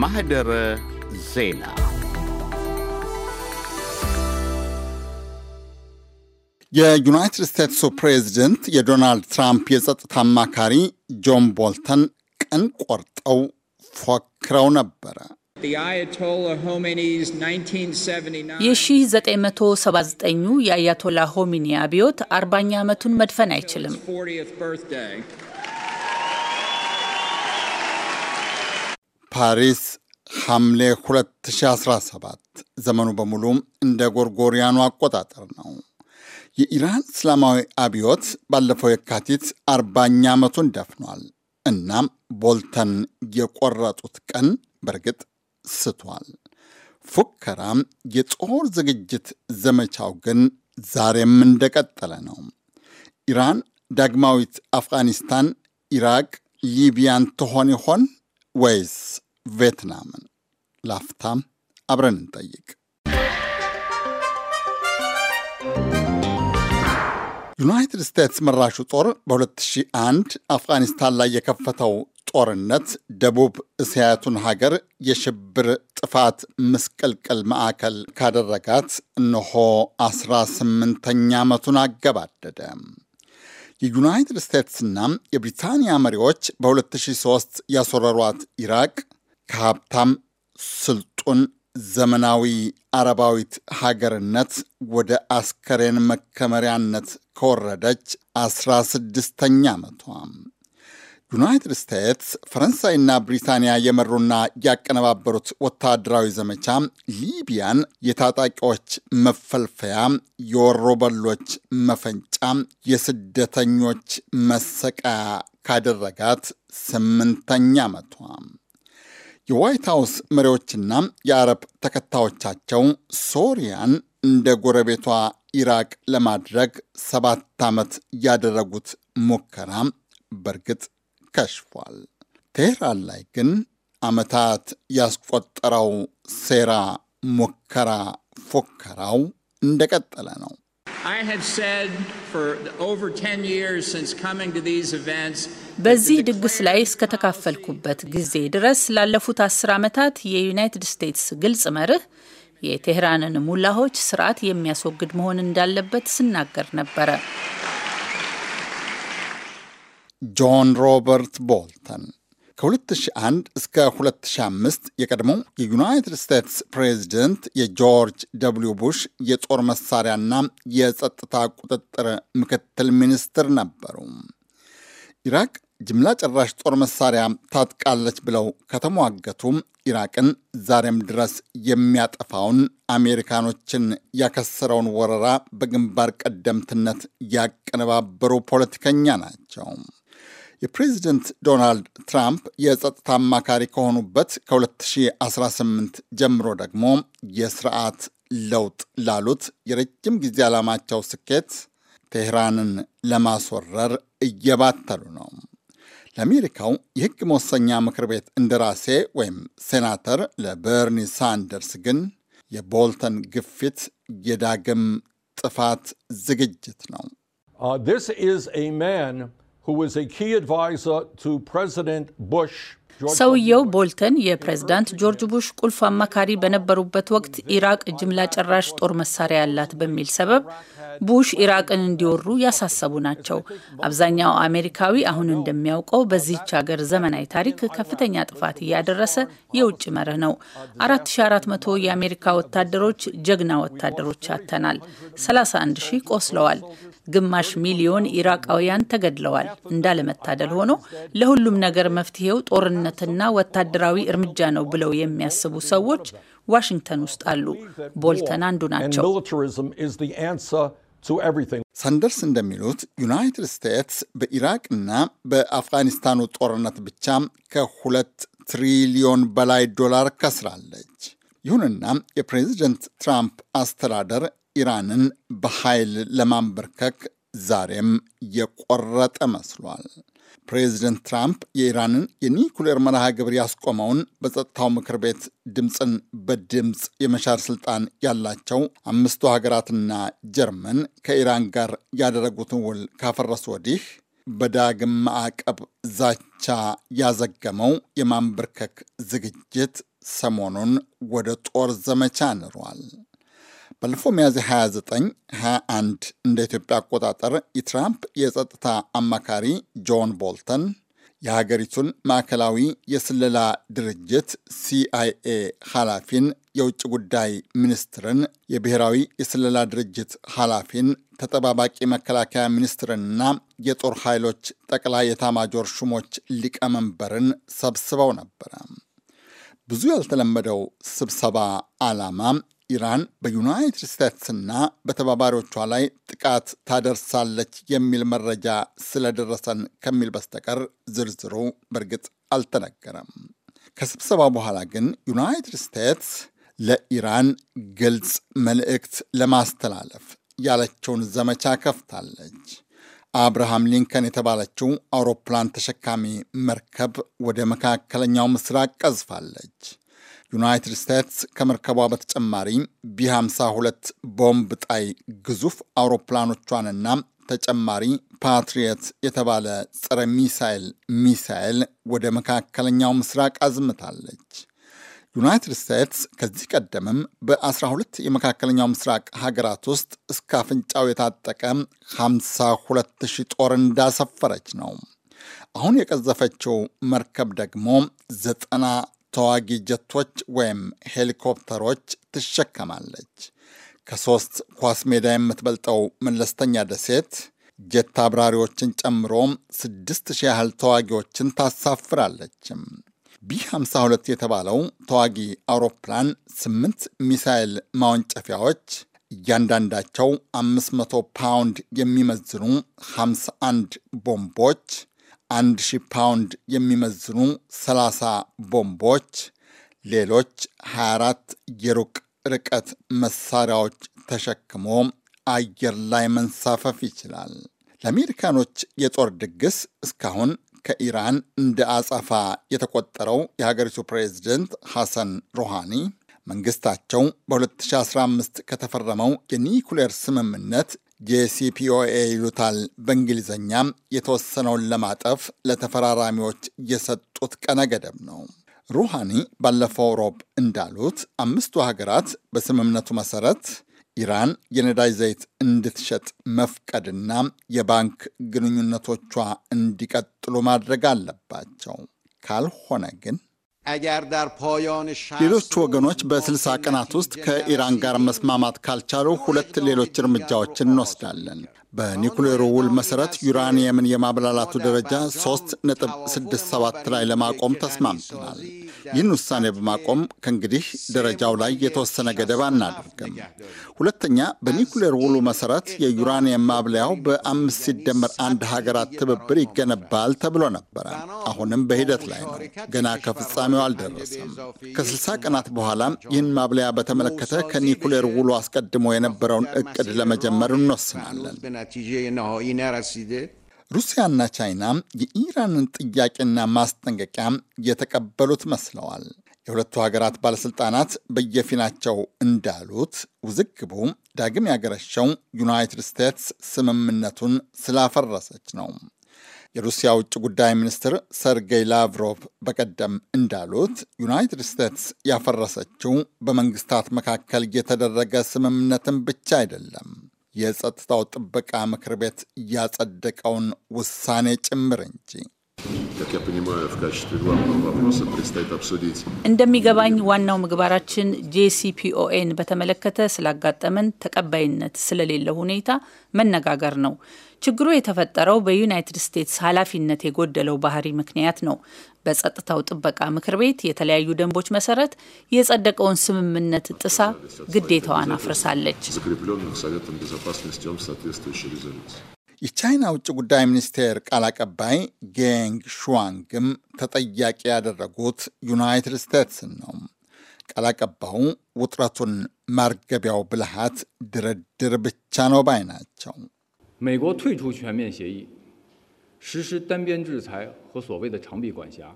ማህደረ ዜና የዩናይትድ ስቴትሱ ፕሬዝደንት የዶናልድ ትራምፕ የጸጥታ አማካሪ ጆን ቦልተን ቀን ቆርጠው ፎክረው ነበረ። የ1979ኙ የአያቶላ ሆሚኒ አብዮት አርባኛ ዓመቱን መድፈን አይችልም። ፓሪስ ሐምሌ 2017 ዘመኑ በሙሉ እንደ ጎርጎሪያኑ አቆጣጠር ነው። የኢራን እስላማዊ አብዮት ባለፈው የካቲት አርባኛ ዓመቱን ደፍኗል። እናም ቦልተን የቆረጡት ቀን በእርግጥ ስቷል። ፉከራም የጦር ዝግጅት ዘመቻው ግን ዛሬም እንደቀጠለ ነው። ኢራን ዳግማዊት አፍጋኒስታን፣ ኢራቅ፣ ሊቢያን ትሆን ይሆን? ወይስ ቬትናምን? ላፍታም አብረን እንጠይቅ። ዩናይትድ ስቴትስ መራሹ ጦር በ2001 አፍጋኒስታን ላይ የከፈተው ጦርነት ደቡብ እስያቱን ሀገር የሽብር ጥፋት ምስቅልቅል ማዕከል ካደረጋት እነሆ 18ኛ ዓመቱን አገባደደ። የዩናይትድ ስቴትስና የብሪታንያ መሪዎች በ2003 ያስወረሯት ኢራቅ ከሀብታም ስልጡን ዘመናዊ አረባዊት ሀገርነት ወደ አስከሬን መከመሪያነት ከወረደች 16ኛ ዓመቷ ዩናይትድ ስቴትስ ፈረንሳይና ብሪታንያ የመሩና ያቀነባበሩት ወታደራዊ ዘመቻ ሊቢያን የታጣቂዎች መፈልፈያ፣ የወሮበሎች መፈንጫ፣ የስደተኞች መሰቃያ ካደረጋት ስምንተኛ ዓመቷ። የዋይት ሀውስ መሪዎችና የአረብ ተከታዮቻቸው ሶሪያን እንደ ጎረቤቷ ኢራቅ ለማድረግ ሰባት ዓመት ያደረጉት ሙከራ በእርግጥ ከሽፏል። ቴህራን ላይ ግን ዓመታት ያስቆጠረው ሴራ፣ ሙከራ፣ ፉከራው እንደቀጠለ ነው። በዚህ ድግስ ላይ እስከተካፈልኩበት ጊዜ ድረስ ላለፉት አስር ዓመታት የዩናይትድ ስቴትስ ግልጽ መርህ የቴህራንን ሙላሆች ስርዓት የሚያስወግድ መሆን እንዳለበት ስናገር ነበረ። ጆን ሮበርት ቦልተን ከ2001 እስከ 2005 የቀድሞው የዩናይትድ ስቴትስ ፕሬዚደንት የጆርጅ ደብሊው ቡሽ የጦር መሳሪያና የጸጥታ ቁጥጥር ምክትል ሚኒስትር ነበሩ። ኢራቅ ጅምላ ጨራሽ ጦር መሳሪያ ታጥቃለች ብለው ከተሟገቱ ኢራቅን ዛሬም ድረስ የሚያጠፋውን አሜሪካኖችን ያከሰረውን ወረራ በግንባር ቀደምትነት ያቀነባበሩ ፖለቲከኛ ናቸው። የፕሬዚደንት ዶናልድ ትራምፕ የጸጥታ አማካሪ ከሆኑበት ከ2018 ጀምሮ ደግሞ የስርዓት ለውጥ ላሉት የረጅም ጊዜ ዓላማቸው ስኬት ቴህራንን ለማስወረር እየባተሉ ነው። ለአሜሪካው የህግ መወሰኛ ምክር ቤት እንደራሴ ወይም ሴናተር ለበርኒ ሳንደርስ ግን የቦልተን ግፊት የዳግም ጥፋት ዝግጅት ነው። uh, who was a key advisor to President Bush ሰውየው ቦልተን የፕሬዝዳንት ጆርጅ ቡሽ ቁልፍ አማካሪ በነበሩበት ወቅት ኢራቅ ጅምላ ጨራሽ ጦር መሳሪያ ያላት በሚል ሰበብ ቡሽ ኢራቅን እንዲወሩ ያሳሰቡ ናቸው። አብዛኛው አሜሪካዊ አሁን እንደሚያውቀው በዚህች ሀገር ዘመናዊ ታሪክ ከፍተኛ ጥፋት እያደረሰ የውጭ መርህ ነው። 4400 የአሜሪካ ወታደሮች ጀግና ወታደሮች አተናል። 31 ሺህ ቆስለዋል። ግማሽ ሚሊዮን ኢራቃውያን ተገድለዋል። እንዳለመታደል ሆኖ ለሁሉም ነገር መፍትሄው ጦርነትና ወታደራዊ እርምጃ ነው ብለው የሚያስቡ ሰዎች ዋሽንግተን ውስጥ አሉ። ቦልተን አንዱ ናቸው። ሳንደርስ እንደሚሉት ዩናይትድ ስቴትስ በኢራቅና በአፍጋኒስታኑ ጦርነት ብቻ ከሁለት ትሪሊዮን በላይ ዶላር ከስራለች። ይሁንና የፕሬዚደንት ትራምፕ አስተዳደር ኢራንን በኃይል ለማንበርከክ ዛሬም የቆረጠ መስሏል። ፕሬዚደንት ትራምፕ የኢራንን የኒኩሌር መርሃ ግብር ያስቆመውን በጸጥታው ምክር ቤት ድምፅን በድምፅ የመሻር ስልጣን ያላቸው አምስቱ ሀገራትና ጀርመን ከኢራን ጋር ያደረጉትን ውል ካፈረሱ ወዲህ በዳግም ማዕቀብ ዛቻ ያዘገመው የማንበርከክ ዝግጅት ሰሞኑን ወደ ጦር ዘመቻ ንሯል። ባለፈው ሚያዝያ 29 21 እንደ ኢትዮጵያ አቆጣጠር የትራምፕ የጸጥታ አማካሪ ጆን ቦልተን የሀገሪቱን ማዕከላዊ የስለላ ድርጅት ሲአይኤ ኃላፊን፣ የውጭ ጉዳይ ሚኒስትርን፣ የብሔራዊ የስለላ ድርጅት ኃላፊን፣ ተጠባባቂ መከላከያ ሚኒስትርንና የጦር ኃይሎች ጠቅላይ የታማጆር ሹሞች ሊቀመንበርን ሰብስበው ነበረ። ብዙ ያልተለመደው ስብሰባ ዓላማ ኢራን በዩናይትድ ስቴትስና በተባባሪዎቿ ላይ ጥቃት ታደርሳለች የሚል መረጃ ስለደረሰን ከሚል በስተቀር ዝርዝሩ በእርግጥ አልተነገረም። ከስብሰባ በኋላ ግን ዩናይትድ ስቴትስ ለኢራን ግልጽ መልእክት ለማስተላለፍ ያለችውን ዘመቻ ከፍታለች። አብርሃም ሊንከን የተባለችው አውሮፕላን ተሸካሚ መርከብ ወደ መካከለኛው ምስራቅ ቀዝፋለች። ዩናይትድ ስቴትስ ከመርከቧ በተጨማሪ ቢ52 ቦምብ ጣይ ግዙፍ አውሮፕላኖቿንና ተጨማሪ ፓትሪየት የተባለ ጸረ ሚሳይል ሚሳይል ወደ መካከለኛው ምስራቅ አዝምታለች። ዩናይትድ ስቴትስ ከዚህ ቀደምም በ12 የመካከለኛው ምስራቅ ሀገራት ውስጥ እስከ አፍንጫው የታጠቀ 52 ጦር እንዳሰፈረች ነው። አሁን የቀዘፈችው መርከብ ደግሞ ዘጠና ተዋጊ ጀቶች ወይም ሄሊኮፕተሮች ትሸከማለች። ከሶስት ኳስ ሜዳ የምትበልጠው መለስተኛ ደሴት ጀት አብራሪዎችን ጨምሮ ስድስት ሺህ ያህል ተዋጊዎችን ታሳፍራለችም። ቢ52 የተባለው ተዋጊ አውሮፕላን ስምንት ሚሳይል ማወንጨፊያዎች እያንዳንዳቸው 500 ፓውንድ የሚመዝኑ 51 ቦምቦች አንድ ሺህ ፓውንድ የሚመዝኑ 30 ቦምቦች፣ ሌሎች 24 የሩቅ ርቀት መሳሪያዎች ተሸክሞ አየር ላይ መንሳፈፍ ይችላል። ለአሜሪካኖች የጦር ድግስ እስካሁን ከኢራን እንደ አጸፋ የተቆጠረው የሀገሪቱ ፕሬዚደንት ሐሰን ሮሃኒ መንግስታቸው በ2015 ከተፈረመው የኒኩሌር ስምምነት ጄሲፒኦኤ ይሉታል በእንግሊዝኛ የተወሰነውን ለማጠፍ ለተፈራራሚዎች የሰጡት ቀነ ገደብ ነው። ሩሃኒ ባለፈው ሮብ እንዳሉት አምስቱ ሀገራት በስምምነቱ መሰረት ኢራን የነዳጅ ዘይት እንድትሸጥ መፍቀድና የባንክ ግንኙነቶቿ እንዲቀጥሉ ማድረግ አለባቸው። ካልሆነ ግን ሌሎች ወገኖች በስልሳ ቀናት ውስጥ ከኢራን ጋር መስማማት ካልቻሉ ሁለት ሌሎች እርምጃዎችን እንወስዳለን። በኒኩሌሩ ውል መሰረት ዩራኒየምን የማብላላቱ ደረጃ 3.67 ላይ ለማቆም ተስማምተናል። ይህን ውሳኔ በማቆም ከእንግዲህ ደረጃው ላይ የተወሰነ ገደብ አናደርግም። ሁለተኛ፣ በኒኩሌር ውሉ መሰረት የዩራኒየም ማብለያው በአምስት ሲደመር አንድ ሀገራት ትብብር ይገነባል ተብሎ ነበረ። አሁንም በሂደት ላይ ነው። ገና ከፍጻሜው አልደረሰም። ከ60 ቀናት በኋላ ይህን ማብለያ በተመለከተ ከኒኩሌር ውሉ አስቀድሞ የነበረውን እቅድ ለመጀመር እንወስናለን። نتیجه نهایی نرسیده ሩሲያና ቻይና የኢራንን ጥያቄና ማስጠንቀቂያ የተቀበሉት መስለዋል። የሁለቱ ሀገራት ባለሥልጣናት በየፊናቸው እንዳሉት ውዝግቡ ዳግም ያገረሸው ዩናይትድ ስቴትስ ስምምነቱን ስላፈረሰች ነው። የሩሲያ ውጭ ጉዳይ ሚኒስትር ሰርጌይ ላቭሮቭ በቀደም እንዳሉት ዩናይትድ ስቴትስ ያፈረሰችው በመንግስታት መካከል የተደረገ ስምምነትን ብቻ አይደለም የጸጥታው ጥበቃ ምክር ቤት ያጸደቀውን ውሳኔ ጭምር እንጂ። እንደሚገባኝ ዋናው ምግባራችን ጄሲፒኦኤን በተመለከተ ስላጋጠመን ተቀባይነት ስለሌለው ሁኔታ መነጋገር ነው። ችግሩ የተፈጠረው በዩናይትድ ስቴትስ ኃላፊነት የጎደለው ባህሪ ምክንያት ነው። በጸጥታው ጥበቃ ምክር ቤት የተለያዩ ደንቦች መሰረት የጸደቀውን ስምምነት ጥሳ ግዴታዋን አፍርሳለች። የቻይና ውጭ ጉዳይ ሚኒስቴር ቃል አቀባይ ጌንግ ሹዋንግም ተጠያቂ ያደረጉት ዩናይትድ ስቴትስን ነው። ቃል አቀባዩ ውጥረቱን ማርገቢያው ብልሃት ድርድር ብቻ ነው ባይ ናቸው። 美国退出全面协议，实施单边制裁和所谓的长臂管辖。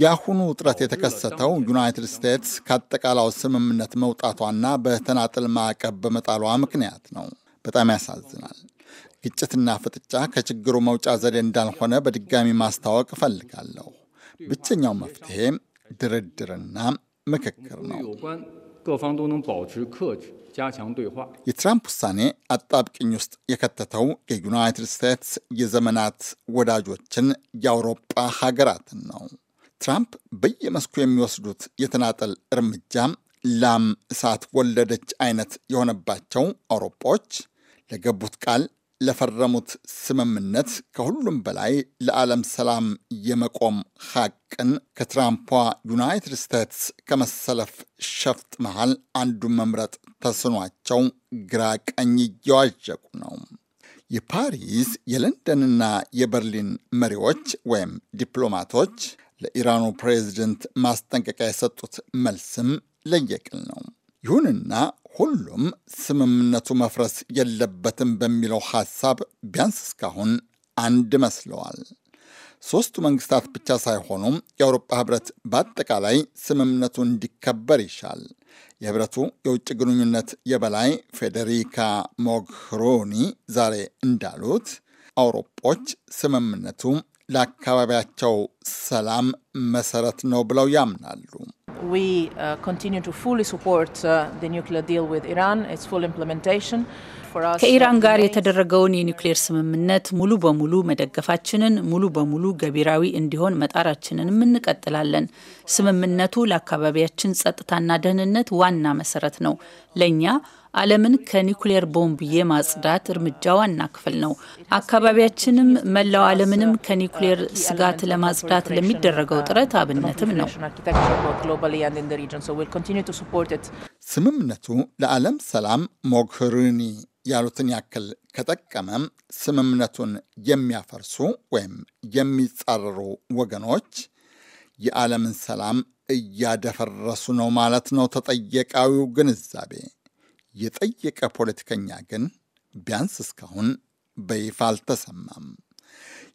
የአሁኑ ውጥረት የተከሰተው ዩናይትድ ስቴትስ ከአጠቃላው ስምምነት መውጣቷና በተናጠል ማዕቀብ በመጣሏ ምክንያት ነው። በጣም ያሳዝናል። ግጭትና ፍጥጫ ከችግሩ መውጫ ዘዴ እንዳልሆነ በድጋሚ ማስታወቅ እፈልጋለሁ። ብቸኛው መፍትሄ ድርድርና ምክክር ነው። 各方都能保持克制，加强对话。የትራምፕ ውሳኔ አጣብቅኝ ውስጥ የከተተው የዩናይትድ ስቴትስ የዘመናት ወዳጆችን የአውሮጳ ሀገራትን ነው። ትራምፕ በየመስኩ የሚወስዱት የተናጠል እርምጃ ላም እሳት ወለደች አይነት የሆነባቸው አውሮፓዎች ለገቡት ቃል ለፈረሙት ስምምነት ከሁሉም በላይ ለዓለም ሰላም የመቆም ሀቅን ከትራምፖ ዩናይትድ ስቴትስ ከመሰለፍ ሸፍጥ መሃል አንዱን መምረጥ ተስኗቸው ግራ ቀኝ እየዋዠቁ ነው። የፓሪስ የለንደንና የበርሊን መሪዎች ወይም ዲፕሎማቶች ለኢራኑ ፕሬዝደንት ማስጠንቀቂያ የሰጡት መልስም ለየቅል ነው። ይሁንና ሁሉም ስምምነቱ መፍረስ የለበትም በሚለው ሐሳብ ቢያንስ እስካሁን አንድ መስለዋል። ሦስቱ መንግስታት ብቻ ሳይሆኑም የአውሮፓ ህብረት በአጠቃላይ ስምምነቱ እንዲከበር ይሻል። የህብረቱ የውጭ ግንኙነት የበላይ ፌዴሪካ ሞግሮኒ ዛሬ እንዳሉት አውሮጶች ስምምነቱ ለአካባቢያቸው ሰላም መሰረት ነው ብለው ያምናሉ። uh, uh, ከኢራን ጋር የተደረገውን የኒውክሌር ስምምነት ሙሉ በሙሉ መደገፋችንን ሙሉ በሙሉ ገቢራዊ እንዲሆን መጣራችንንም እንቀጥላለን። ስምምነቱ ለአካባቢያችን ጸጥታና ደህንነት ዋና መሰረት ነው ለእኛ ዓለምን ከኒኩሌር ቦምብ የማጽዳት እርምጃ ዋና ክፍል ነው። አካባቢያችንም መላው ዓለምንም ከኒኩሌር ስጋት ለማጽዳት ለሚደረገው ጥረት አብነትም ነው። ስምምነቱ ለዓለም ሰላም ሞግሩኒ ያሉትን ያክል ከጠቀመ ስምምነቱን የሚያፈርሱ ወይም የሚጻረሩ ወገኖች የዓለምን ሰላም እያደፈረሱ ነው ማለት ነው ተጠየቃዊው ግንዛቤ። የጠየቀ ፖለቲከኛ ግን ቢያንስ እስካሁን በይፋ አልተሰማም።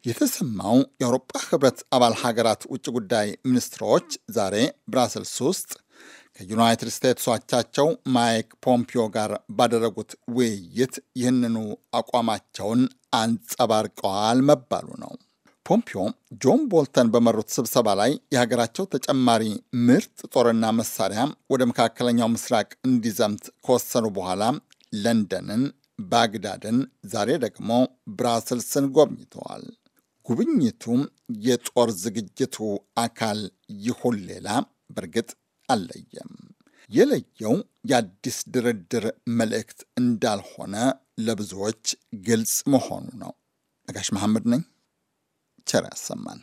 የተሰማው የአውሮፓ ህብረት አባል ሀገራት ውጭ ጉዳይ ሚኒስትሮች ዛሬ ብራስልስ ውስጥ ከዩናይትድ ስቴትስ አቻቸው ማይክ ፖምፒዮ ጋር ባደረጉት ውይይት ይህንኑ አቋማቸውን አንጸባርቀዋል መባሉ ነው። ፖምፒዮ ጆን ቦልተን በመሩት ስብሰባ ላይ የሀገራቸው ተጨማሪ ምርጥ ጦርና መሳሪያ ወደ መካከለኛው ምስራቅ እንዲዘምት ከወሰኑ በኋላ ለንደንን፣ ባግዳድን፣ ዛሬ ደግሞ ብራስልስን ጎብኝተዋል። ጉብኝቱ የጦር ዝግጅቱ አካል ይሁን ሌላ በእርግጥ አለየም። የለየው የአዲስ ድርድር መልእክት እንዳልሆነ ለብዙዎች ግልጽ መሆኑ ነው። ነጋሽ መሐመድ ነኝ። ቸር ያሰማን።